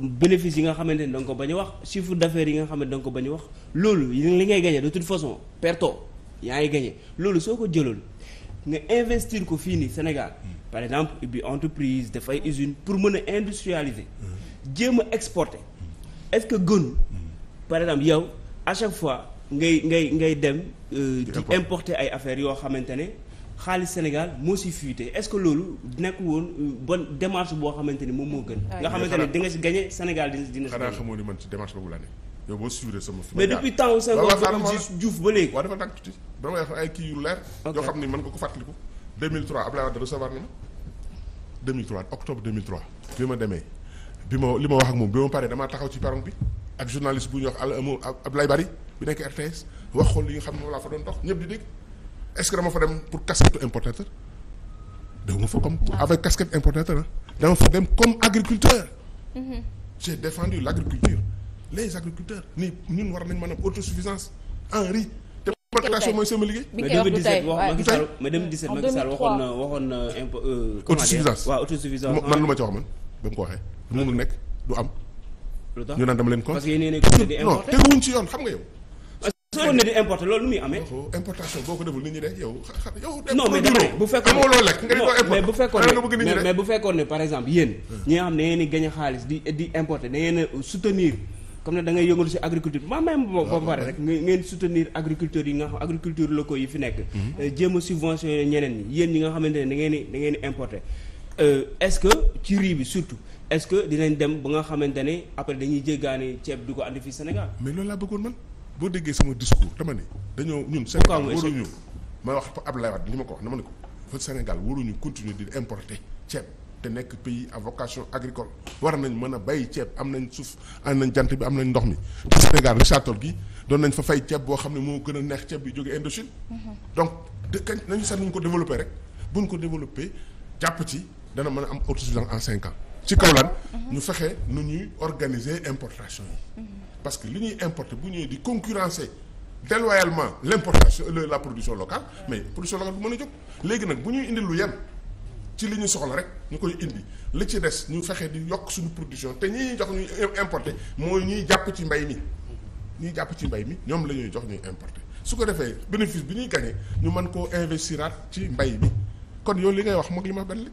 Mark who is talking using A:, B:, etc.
A: bénéfice yi nga xamante ni da ko bañ a wax chiffre d'affaires yi nga xam ne da ko bañ wax loolu li ngay gagné de toute façon perto yaa ngi gagné loolu soo ko jëloon nga investir ko fii nii Sénégal par exemple ubbi entreprise dafay usine pour mën a industrialiser jéem a exporter est-ce que gënu par exemple yow à chaque fois ngay ngay ngay dem euh, di importer ay affaires yoo xamante ne xaalis Sénégal moo si fuité est-ce que loolu nekk woon euh, bonne démarche boo xamante ni moom moo gën. Ah, nga xamante ne di nga
B: si gagné Sénégal dina dina si. xanaa xamoo ni man ci démarche boobu laa ne yow boo suivre sama. fi mais depuis temps wu Senghor Abdou Diouf ba léegi. waaw dafa tànk tuuti dama lay wax ay kii yu leer. yoo xam ni mën nga ko fàttaliku. 2003 ma bi ma demee bi ma li ma wax ak moom bi ma paree damaa taxaw ci perron bi ak journaliste bu ñuy wax Abdoulaye Bari bi nekk RTS wax xool li nga xam ne moom laa fa doon ñëpp di est-ce que dama fa dem pour casquette importateur dama fa comme ah. avec casquette importateur dama fa dem comme agriculteur mhm. j'ai défendu l'agriculture les agriculteurs ni ñun war nañ mën a autosuffisance en riz te plantation mooy sama liggéey mais 2017 Macky Sall waxoon
A: na waxoon na impo euh, autosuffisance waaw autosuffisance man lu ma ci
B: wax man ba mu ko waxee mënul nekk du am
A: ñu naan dama leen ko parce que
B: yéen a ngi ko di importer
A: non ci yoon xam nga yow fekkoon ne di importer loolu nu muy amee. importation boo ko deful nit ñi de yow xa yow. non mais dama ne bu fekkoon amoo loo lekk nga ne par exemple yéen. Hmm. ñi nga xam ne yéen xaalis di di importer da ngeen si agriculture maa même ba pare rek ngeen soutenir agriculteurs yi nga xam agriculture locaux yi fi nekk hmm. euh, jéem a subventionné ñeneen ñi yéen ñi nga xamante ne da ngeen di da ngeen di importer euh, que ci riz bi surtout est-ce que dinañ dem ba nga xamante ne après dañuy jéggaani ceeb du ko andi fii Sénégal boo déggee
B: sama discours dama ne dañoo ñun Sénégal waruñu ma wax Abdoulaye Wade li ma ko wax dama ne ko fa Sénégal waruñu continuer di importer ceeb te nekk pays à vocation agricole war nañ mën a bay ceeb am nañ suuf am nañ jant bi am nañ ndox mi te Sénégal Richard Toll gi doon nañ fa fay ceeb boo xam ne moo gën a neex ceeb bi jóge Indochine mm-hmm. donc dëkkañ nañu sax nañu ko développé rek buñ ko développé jàpp ci dana mën a am autosuffisance en cinq ci kaw ñu fexe nu ñuy organiser importation yi parce que li ñuy importer bu ñëwee di concurrencer déloyalement l' importation la production locale mais production locale bu mën a jóg léegi nag bu ñuy indi lu yem ci li ñu soxla rek ñu koy indi li ci des ñu fexe di yokk suñu production te ñi ñuy jox ñuy importer mooy ñuy jàpp ci mbay mi ñuy jàpp ci mbay mi ñoom la ñuy jox ñuy importer su ko defee bénéfice bi ñuy gagné ñu mën koo investiraat ci mbay mi kon yow li ngay wax moog li ma benn